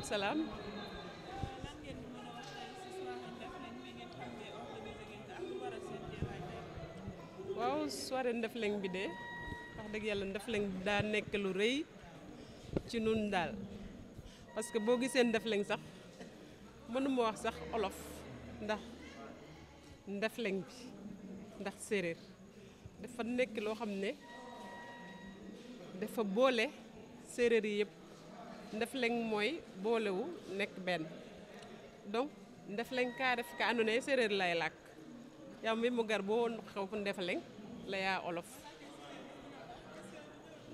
maaleykum salaam. waaw soirée Ndefleng bi de wax dëgg yàlla Ndefleng daa nekk lu rëy ci nun daal parce que boo gisee Ndefleng sax mënuma wax sax olof ndax Ndefleng bi ndax séeréer dafa nekk loo xam ne dafa boole séeréer yi yépp Ndefleng mooy boolewu nekk benn donc Ndefleng ka ref ka andoona séeréer lay làkk yaam mi mu gar bo xew fu Ndefleng layaa olof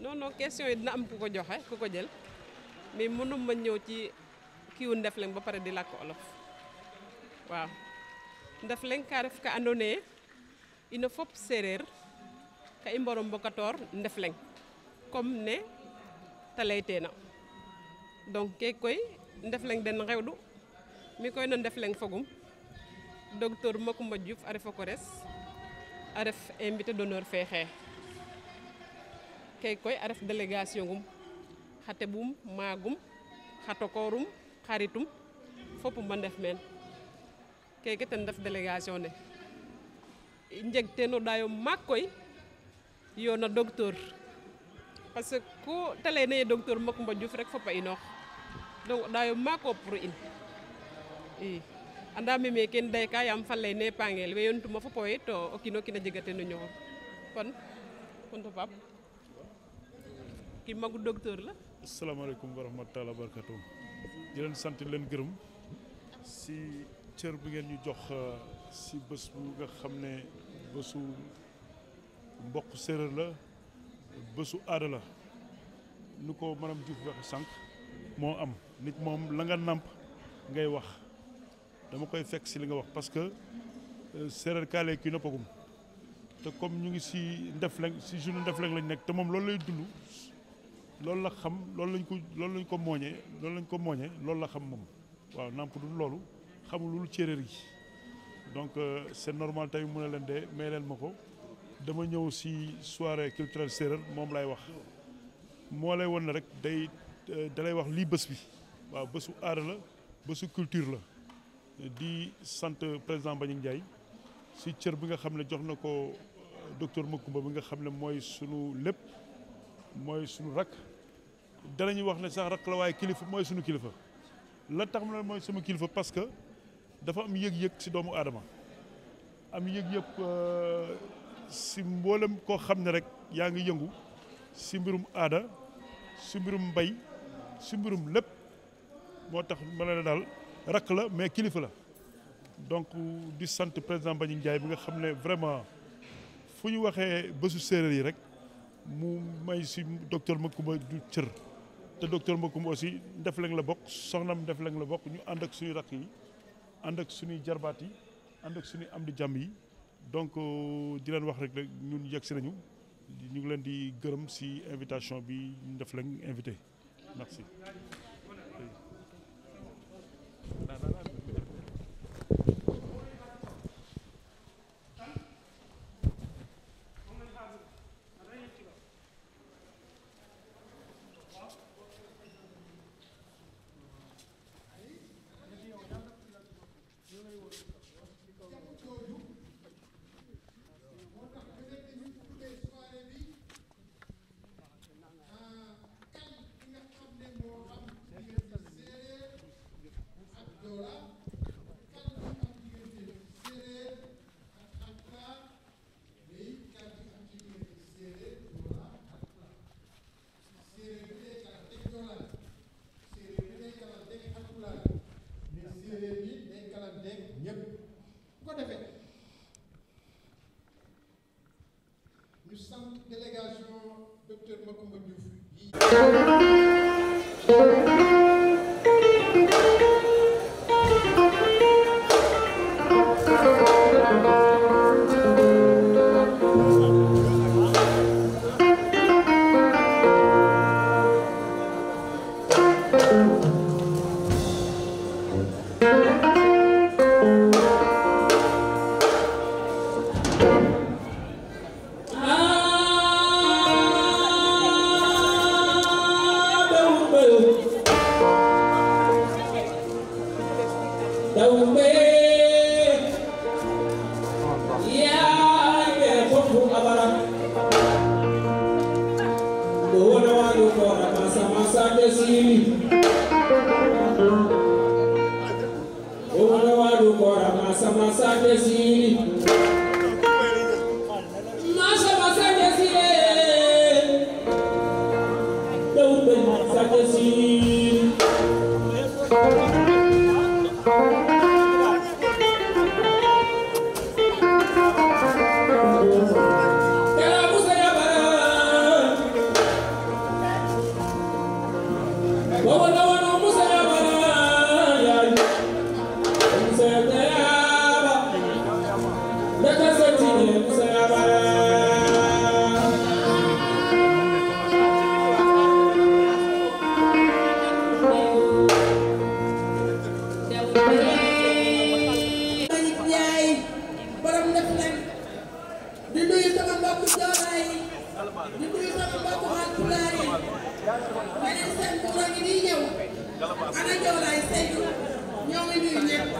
non question yi dina am ku ko joxe ku ko jël mais mënu ma ñëw ci kiiwu Ndefleng ba pare di làkk olof waaw Ndefleng ka ref ka andoona yee ino séeréer ka i mbaro Ndefleng comme ne ta na donc ke koy ndefleng den xewdu mi koy no ndefleng fogum docteur Macoumba Diouf a refa kores a ref invité d'honneur fe xee ke koy a ref délégation ngum xa teɓum maagum xa tokoorum xaritum fopum a ndef meen keke ten ref délégation ne i njeg teen o maak koy yoona docteur parce que ko talena ye docteur Macoumba Diouf rek fop a inoox donc ɗayo maak o pour in i andaam me ken day ka yaam fa lay ne pangeel we yontuma fop o to o a jega teen o ñoxor kon kon magu docteur la asalaamaaleykum wa rahmatulah wa barakatu di leen gërëm si cër bi ngeen ñu jox euh, si bés bu nga xam ne bésu mbokk séeréer la bësu aada la nu ko maanaam Diouf wax sànq moo am nit moom la nga nàmp ngay wax dama koy fekk si li nga wax parce que euh, séeréer kaale kii noppagum te comme ñu ngi si Ndefleng si journée Ndefleng lañu nekk te moom loolu lay dund loolu la xam loolu lañ ko loolu lañ ko loolu lañ ko loolu la xam moom waaw nàmp du loolu xamul lu céréer yi donc euh, seen normal tamit mu ne leen de may leen ma ko. dama ñëw si soirée culturelle séeréer moom lay wax moo lay won na rek day dalay wax lii bés bi waaw bësu aada la bësu culture la di sant président Mbagnick Ndiaye si cër bi nga xam ne jox na ko euh, docteur Macoumba bi nga xam ne mooy sunu lépp mooy sunu rakk danañu wax ne sax rakk la waaye kilifa mooy sunu kilifa la tax na mooy sama kilifa parce que dafa am yëg-yëg si doomu aadama am yëg-yëg euh, si mboolem koo xam ne rek yaa ngi yëngu si mbirum aada si mbirum mbay si mbirum lépp moo tax ma ne la daal rakk la mais kilifa la donc di sant président Mbagnick njaay bi nga xam ne vraiment fu ñu waxee bésu séeréer yi rek mu may si docteur Macoumba du cër te docteur Macoumba aussi Ndefleng la bokk soxnam Ndefleng la bokk ñu ànd ak suñu rakk yi ànd ak suñuy jarbaat yi ànd ak am di jàmm yi donc euh, di leen wax rek rek ñun yegg si nañu ñu ngi leen di gërëm si invitation bi ñu def leen invité merci. Thank you. ana Diawlaye Seydou ñoo ngi nuyu ñëpp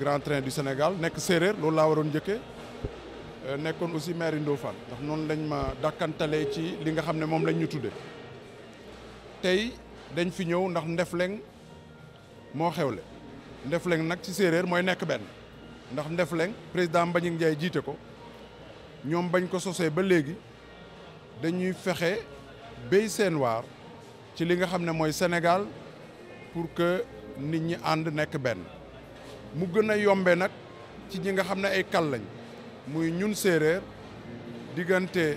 grands trains du Sénégal nekk séeréer loolu laa waroon njëkkee euh, nekkoon aussi maire Ndofane ndax noonu lañ ma dàkkantalee ci li nga xam ne moom lañ ñu tudde tey dañ fi ñëw ndax Ndefleng moo xewle Ndefleng nag ci séeréer mooy nekk benn ndax Ndefleng président Mbagnick Ndiaye jiite ko ñoom bañ ko sosee ba léegi dañuy fexe béy seen waar ci li nga xam ne mooy Sénégal pour que nit ñi ànd nekk benn mu gën a yombe nag ci ñi nga xam ne ay kal lañ muy ñun séeréer diggante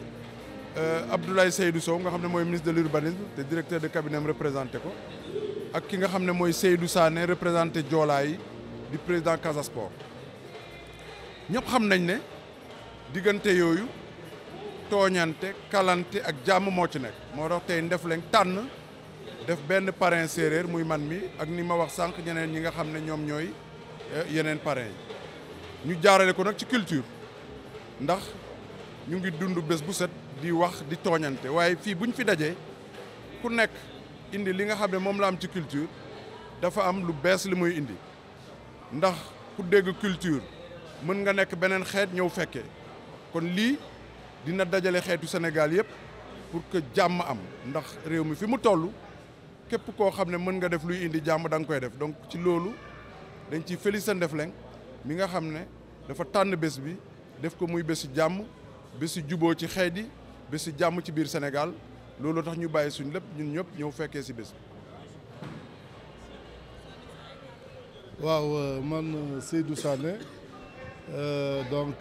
euh, Abdoulaye Seydou Sow nga xam ne mooy ministre de l'urbanisme te directeur de cabinet am ko ak ki nga xam ne mooy Seydou Sané représenté joolaay di président Casa Sport ñëpp xam nañ ne diggante yooyu tooñante kalante ak jàmm moo ci nekk moo tax tey Ndefleng tànn def benn parrain séeréer muy man mi ak ni ma wax sànq ñeneen ñi nga xam ne ñoom ñooy Eh, yeneen parrains yi ñu jaarale ko nag ci culture ndax ñu ngi dund bés bu set di wax di tooñante waaye fii bu ñu fi dajee ku nekk indi li nga xam ne moom la am ci culture dafa am lu bees li muy indi ndax ku dégg culture mën nga nekk beneen xeet ñëw fekkee kon lii dina dajale xeetu Sénégal yëpp pour que jàmm am ndax réew mi fi mu toll képp koo xam ne mën nga def luy indi jàmm danga koy def donc ci loolu dañ ciy félicité Ndefleng mi nga xam ne dafa tànn bés bi def ko muy bésu jàmm bésu juboo ci xeet di bésu jàmm ci biir Sénégal loolu tax ñu bàyyi suñ lépp ñun ñëpp ñëw fekkee si bés bi. waaw euh, man euh, Seydou Sané euh, donc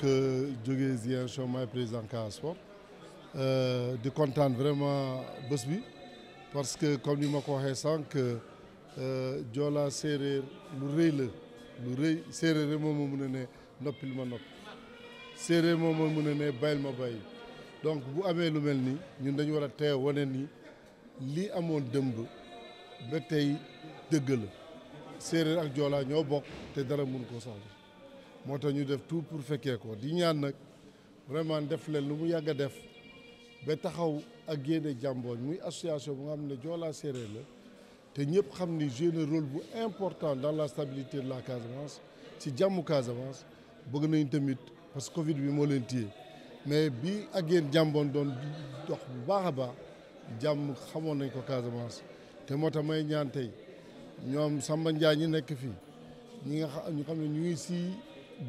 jóge Ziguinchor maay président Casa Sport di kontaan vraiment bés bi parce que comme ni ma ko waxee sànq. Euh, Joola séeréer lu rëy la lu rëy séeréer rek moom moo mun a ne noppil ma nopp séeréer moom moo mun a ne bàyyil ma bàyyi donc bu amee lu mel nii ñun dañu war a teew wane ni lii amoon dëmb ba tey dëgg la séeréer ak Joola ñoo bokk te dara mun koo soxla moo tax ñu def tout pour fekkee ko di ñaan nag vraiment def leen lu mu yàgg a def ba taxaw ak Gaindé Jambañ muy association bu nga xam ne Joola séeréer la. te ñëpp xam ni joué na bu important dans la stabilité de la Casamance ci jàmmu Casamance bëgg nañ tamit parce que Covid bi moo leen téye mais bi ak yéen jàmboon doon dox bu baax a baax jàmm xamoon nañ ko Casamance te moo tax may ñaan tey ñoom Samba Ndiaye ñi nekk fii ñi nga xam ñu ne ñuy si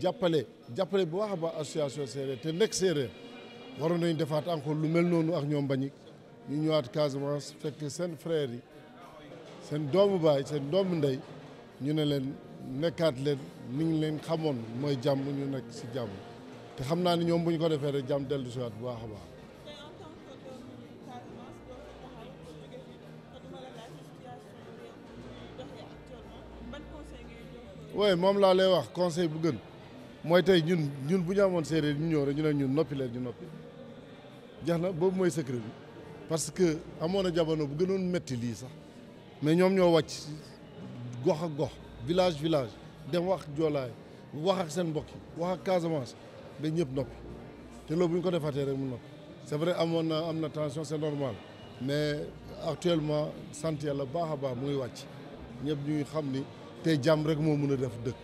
jàppale jàppale bu baax ba baax association séeréer te nekk séeréer waroon nañ defaat encore lu mel noonu ak ñoom Mbagnick ñu ñëwaat Casamance fekk seen frères yi. seen doomu baay seen doomu ndey ñu ne leen nekkaat leen ni ngi leen xamoon mooy jàmm ñu nekk si jàmm te xam naa ne ñoom bu ko defee rek jàmm dellu waat bu baax a baax. oui moom laa lay wax conseil bu gën mooy tey ñun ñun bu ñu amoon séeréer ñu ñëw rek ñu ne ñun noppi leen noppi jeex boobu mooy secret parce que amoon na jamono bu gënoon metti lii sax. mais ñoom ñoo wàcc gox ak gox village village dem wax joolaay wax ak seen mbokk yi wax ak Casamance ba ñëpp noppi te loolu bu ñu ko defaatee rek mu noppi c'est vrai amoon na am na tension c'est normal mais actuellement sant la baax a baax mu ngi wàcc ñëpp ñu ngi xam ni te jàmm rek moo mën a def dëkk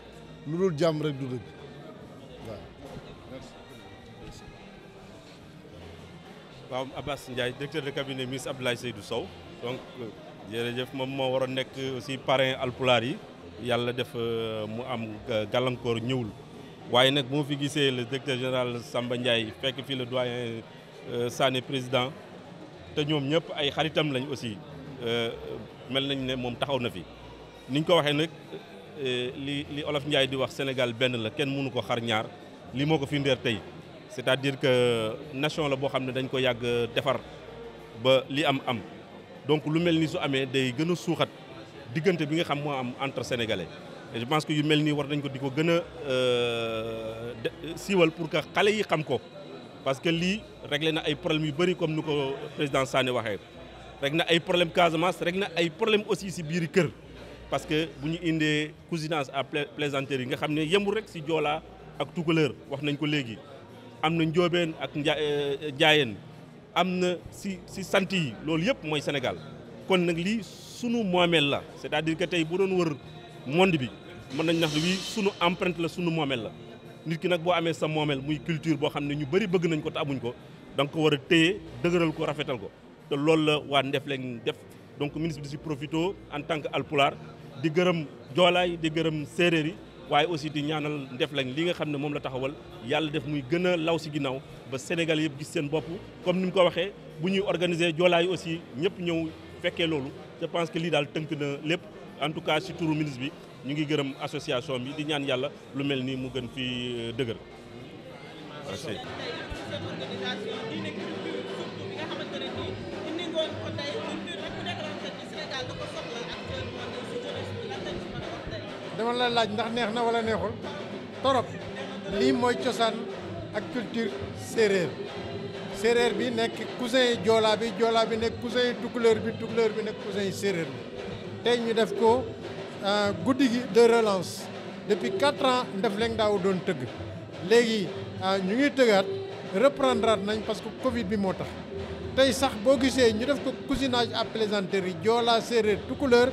lu dul jàmm rek du dëkk waaw. waaw Abass Ndiaye directeur de cabinet ministre Abdoulaye Seydou Sow donc. Euh, jërëjëf moom moo waroon nekk aussi parrain alpulaar yi yàlla def euh, mu am gàllankoor ñëwul waaye nag moo fi gisee le directeur général Samba Ndiaye fekk fii le doyen euh, Sané président te ñoom ñëpp ay xaritam lañ aussi euh, mel nañ ne moom taxaw na fi niñ ko waxee nag li li Olof njaay di wax Sénégal benn la kenn mënu ko xar ñaar li moo ko fi ndeer tey c'est-à-dire que nation la boo xam ne dañ ko yàgg defar ba li am am donc lu mel ni su amee day gën a suuxat diggante bi nga xam moo am entre sénégalais et je pense que yu mel nii war nañ ko di ko gën a euh, euh, siiwal pour que xale yi xam ko parce que lii réglé na ay problèmes yu bëri comme ni ko président Sané waxee rek na ay problème Casamance rek na ay problème aussi si biir kër parce que bu ñu indee cousinage à plaisanterie yi nga xam ne yembul rek si joolaa ak tukuleur wax nañ ko léegi am na njóobeen ak euh, njaayeen am na si si sant yi loolu yëpp mooy Sénégal kon nag lii sunu moomeel la c'est-à-dire que tey boo doon wër monde bi mën nañ nax lii sunu empreinte la sunu moomeel la nit ki nag boo amee sa moomeel muy culture boo xam ne ñu bëri bëgg nañ ko te amuñ ko da ko war a téye dëgëral ko rafetal ko te loolu la waa Ndefleng def donc ministre bi si profito en tant que alpulaar di gërëm joolaay di gërëm séeréer yi waaye aussi di ñaanal Ndefleng li nga xam ne moom la taxawal yàlla def muy gën a law si ginnaaw ba Sénégal yëpp gis seen bopp comme ni mu ko waxee bu ñuy organiser joolaayu aussi ñëpp ñëw fekkee loolu je pense que lii daal tënk na lépp en tout cas si turu ministre bi ñu ngi gërëm association bi di ñaan yàlla lu mel nii mu gën fi euh, dëgër. dama la laaj ndax neex na wala neexul torop lii mooy cosaan ak culture séeréer séeréer bi nekk cousin yi joolaa bi joolaa bi nekk cousin yi tukulóor bi tukulóor bi nekk cousin yi séeréer bi tey ñu def ko euh, guddi gi de relance depuis quatre ans Ndefleng daaw doon tëgg léegi euh, ñu ngi tëggaat reprendre nañ parce que Covid bi moo tax tey sax boo gisee ñu def ko cousinage à plaisanterie joolaa séeréer tukulóor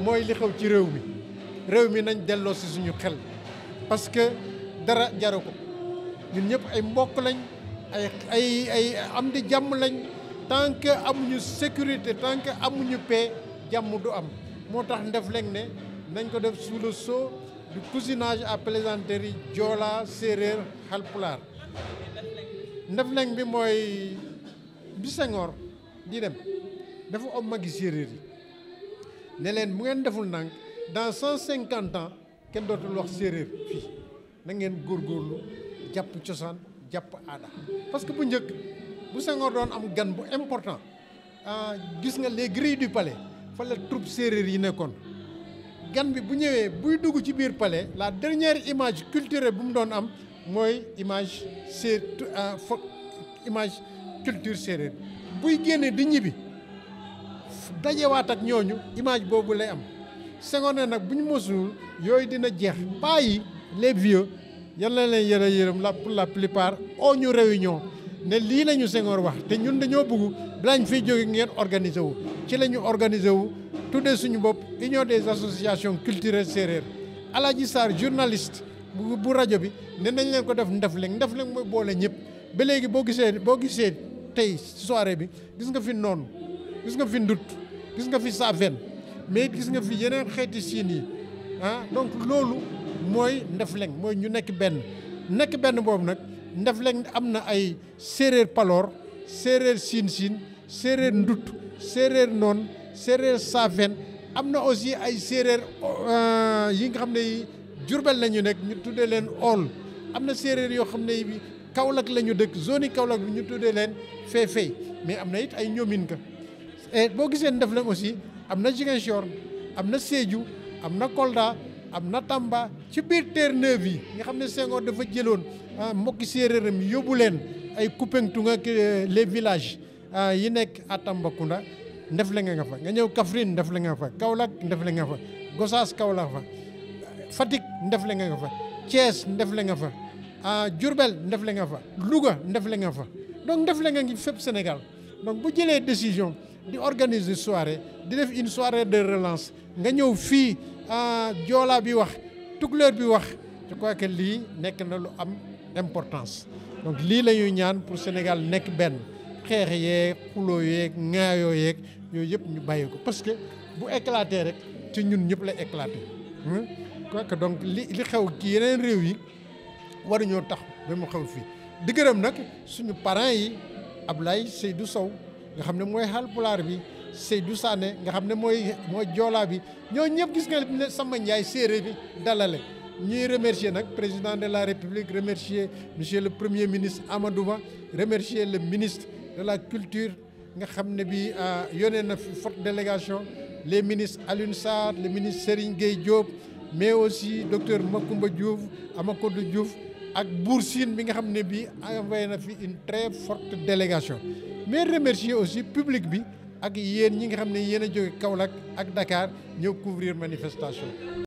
mooy li xew ci réew mi. réew mi nañ delloo si suñu xel parce que dara jaru ko ñun ñëpp ay mbokk lañ ay ay ay am di jàmm lañ tant que amuñu sécurité tant que amuñu paix jàmm du am moo tax Ndefleng ne nañ ko def sous soo sceau cousinage à plaisanterie joola séeréer xalpulaar Ndefleng bi mooy bi Senghor di dem dafa om magi séeréer yi ne leen bu ngeen deful ndànk dans cent cinquante ans kenn dootul wax séeréer fii na ngeen góorgóorlu jàpp cosaan jàpp aada parce que bu njëkk bu sengoo doon am gan bu important ah, gis nga les grilles du palais fa la troupe séeréer yi nekkoon gan bi bu ñëwee buy dugg ci biir pale la dernière image culturelle bu mu doon am mooy image sé ah, fo image culture séeréer buy génne di ñibbi dajewaat ak ñooñu image boobu lay am Senghor ne nag bu ñu mosul yooyu dina jeex pas yi les vieux yal na leen yëre yërëm la pour la plupart oo ñu réunion ne lii la ñu Senghor wax te ñun dañoo bëgg balaañ fiy jóge ngeen organiser wu ci la ñu organiser wu tuddee suñu bopp union des associations culturelles séeréer Alaaji Sarr journaliste bu bu rajo bi ne nañ leen ko def ndef Ndefleng mooy boole ñëpp ba léegi boo gisee boo gisee tey soirée bi gis nga fi noonu gis nga fi ndut gis nga fi saafen mais gis nga fi yeneen xeeti siin yi ah donc loolu mooy Ndefleng mooy ñu nekk benn nekk benn boobu nag Ndefleng am na ay séeréer paloor séeréer siin siin séeréer ndut séeréer noon séeréer saafen am na aussi ay séeréer euh, yi nga xam ne yi Jurbel la ñu nekk ñu tuddee leen ool am na séeréer yoo xam ne yi bi Kaolack la ñu dëkk zone yi Kaolack bi ñu tuddee leen feefey mais am na it ay ñoomin ka boo gisee Ndefleng aussi am na Ziguinchor am na Sédhiou am na Kolda am na Tamba ci biir Terre-Neuve yi nga xam ne Senghor dafa jëloon ah, mbokki séeréeram yóbbu leen ay Koupentoum ak euh, les villages ah, yi nekk à Tambacounda ndef la nga fa nga ñëw Kaffrine ndef la nga fa Kaolack ndef la nga fa Gossas Kaolack fa Fatick ndefle la nga fa Thiès ndefle nga fa ah, Diourbel ndef la nga fa Louga ndefle la nga fa donc ndef la nga ngi fépp Sénégal donc bu jëlee décision di organiser soirée di def une soirée de relance nga ñëw fii ah, joolaa bi wax tukulóor bi wax je crois que lii nekk na lu am importance donc lii la ñaan pour Sénégal nekk benn xeex yeeg xuloo yeeg ŋaayoo yeeg yooyu yëpp ñu bàyyi ko parce que bu éclaté rek ci ñun ñëpp la éclaté quoi hmm? que donc li li xew ci yeneen réew yi waruñoo tax ba mu xew fii di gërëm nag suñu parent yi Ablaye du Sow nga xam ne mooy Haalpulaar bi Seydou Sané nga xam ne mooy mooy joolaa bi ñoo ñëpp gis nga ne Samba Ndiaye séeréer bi dalale ñuy remercier nag président de la République remercier monsieur le premier ministre Amadou remercier le ministre de la culture nga xam ne bi euh, yónnee na fi forte délégation les ministres Alioune Sarr le ministre Serigne Gueye Diop mais aussi docteur Macoumba Diouf Amakodou Diouf ak Bour Sine bi nga xam ne bi envoyé na fi une très délégation mais remercier aussi public bi ak yéen ñi nga xam ne yéen a jóge Kaolack ak Dakar ñëw couvrir manifestation